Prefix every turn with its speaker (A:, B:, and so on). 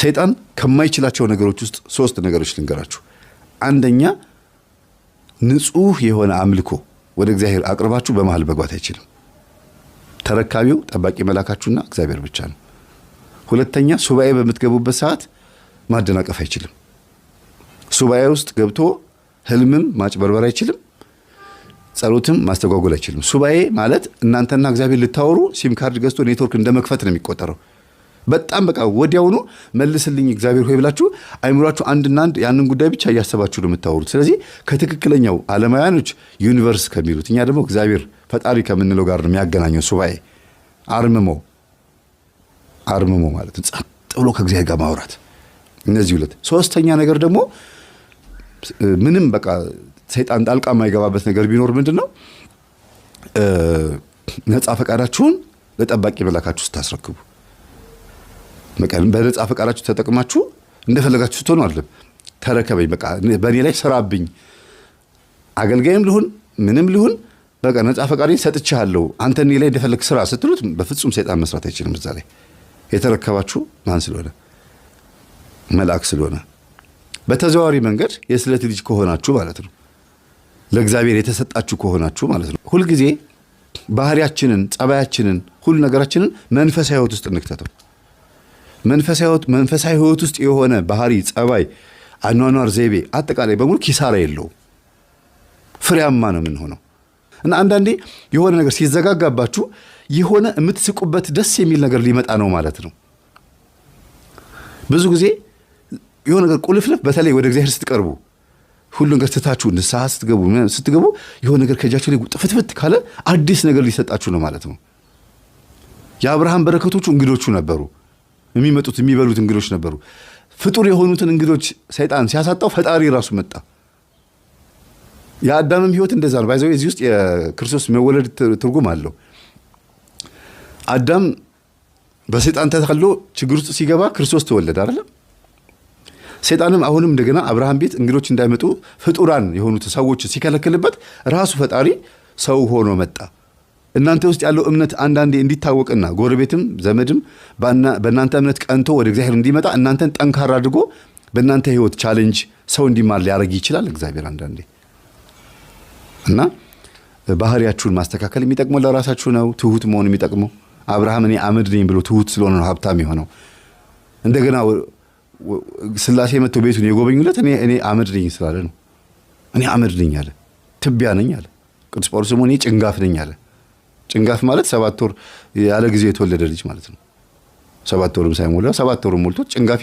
A: ሰይጣን ከማይችላቸው ነገሮች ውስጥ ሶስት ነገሮች ልንገራችሁ። አንደኛ ንጹህ የሆነ አምልኮ ወደ እግዚአብሔር አቅርባችሁ በመሃል መግባት አይችልም። ተረካቢው ጠባቂ መላካችሁና እግዚአብሔር ብቻ ነው። ሁለተኛ ሱባኤ በምትገቡበት ሰዓት ማደናቀፍ አይችልም። ሱባኤ ውስጥ ገብቶ ህልምም ማጭበርበር አይችልም። ጸሎትም ማስተጓጎል አይችልም። ሱባኤ ማለት እናንተና እግዚአብሔር ልታወሩ ሲም ካርድ ገዝቶ ኔትወርክ እንደ መክፈት ነው የሚቆጠረው። በጣም በቃ ወዲያውኑ መልስልኝ እግዚአብሔር ሆይ ብላችሁ አይምሯችሁ አንድና አንድ ያንን ጉዳይ ብቻ እያሰባችሁ ነው የምታወሩት። ስለዚህ ከትክክለኛው አለማውያኖች ዩኒቨርስ ከሚሉት እኛ ደግሞ እግዚአብሔር ፈጣሪ ከምንለው ጋር ነው የሚያገናኘው። ሱባኤ አርምሞ አርምሞ ማለት ጸጥ ብሎ ከእግዚአብሔር ጋር ማውራት፣ እነዚህ ሁለት። ሶስተኛ ነገር ደግሞ ምንም በቃ ሰይጣን ጣልቃ የማይገባበት ነገር ቢኖር ምንድን ነው ነፃ ፈቃዳችሁን ለጠባቂ መላካችሁ ስታስረክቡ በነጻ ፈቃዳችሁ ተጠቅማችሁ እንደፈለጋችሁ ስትሆኑ አይደለም። ተረከበኝ፣ በቃ በእኔ ላይ ስራብኝ፣ አገልጋይም ልሁን ምንም ልሁን በቃ ነጻ ፈቃሪ ሰጥቻለሁ፣ አንተ እኔ ላይ እንደፈለግ ስራ ስትሉት በፍጹም ሰይጣን መስራት አይችልም። እዛ ላይ የተረከባችሁ ማን ስለሆነ መልአክ ስለሆነ በተዘዋዋሪ መንገድ የስለት ልጅ ከሆናችሁ ማለት ነው። ለእግዚአብሔር የተሰጣችሁ ከሆናችሁ ማለት ነው። ሁልጊዜ ባህሪያችንን፣ ጸባያችንን፣ ሁሉ ነገራችንን መንፈሳዊ ህይወት ውስጥ እንክተተው። መንፈሳዊ ህይወት ውስጥ የሆነ ባህሪ፣ ጸባይ፣ አኗኗር ዘይቤ አጠቃላይ በሙሉ ኪሳራ የለው ፍሬያማ ነው የምንሆነው እና አንዳንዴ የሆነ ነገር ሲዘጋጋባችሁ የሆነ የምትስቁበት ደስ የሚል ነገር ሊመጣ ነው ማለት ነው። ብዙ ጊዜ የሆነ ነገር ቁልፍልፍ፣ በተለይ ወደ እግዚአብሔር ስትቀርቡ ሁሉ ነገር ትታችሁ ንስሐ ስትገቡ ስትገቡ የሆነ ነገር ከእጃችሁ ላይ ጥፍትፍት ካለ አዲስ ነገር ሊሰጣችሁ ነው ማለት ነው። የአብርሃም በረከቶቹ እንግዶቹ ነበሩ። የሚመጡት የሚበሉት እንግዶች ነበሩ። ፍጡር የሆኑትን እንግዶች ሰይጣን ሲያሳጣው ፈጣሪ ራሱ መጣ። የአዳምም ህይወት እንደዛ ነው። ባይዘ እዚህ ውስጥ የክርስቶስ መወለድ ትርጉም አለው። አዳም በሰይጣን ተተክሎ ችግር ውስጥ ሲገባ ክርስቶስ ተወለደ አይደለም። ሰይጣንም አሁንም እንደገና አብርሃም ቤት እንግዶች እንዳይመጡ ፍጡራን የሆኑት ሰዎች ሲከለክልበት ራሱ ፈጣሪ ሰው ሆኖ መጣ። እናንተ ውስጥ ያለው እምነት አንዳንዴ እንዲታወቅና ጎረቤትም ዘመድም በእናንተ እምነት ቀንቶ ወደ እግዚአብሔር እንዲመጣ እናንተን ጠንካራ አድርጎ በእናንተ ህይወት ቻሌንጅ ሰው እንዲማር ሊያደርግ ይችላል እግዚአብሔር አንዳንዴ እና ባህሪያችሁን ማስተካከል የሚጠቅመው ለራሳችሁ ነው። ትሁት መሆን የሚጠቅመው አብርሃም እኔ አመድ ነኝ ብሎ ትሁት ስለሆነ ነው ሀብታም የሆነው። እንደገና ስላሴ መጥቶ ቤቱን የጎበኙለት እኔ አመድ ነኝ ስላለ ነው። እኔ አመድ ነኝ አለ፣ ትቢያ ነኝ አለ። ቅዱስ ጳውሎስ ደግሞ እኔ ጭንጋፍ ነኝ አለ። ጭንጋፍ ማለት ሰባት ወር ያለ ጊዜ የተወለደ ልጅ ማለት ነው። ሰባት ወርም ሳይሞላ ሰባት ወርም ሞልቶ ጭንጋፍ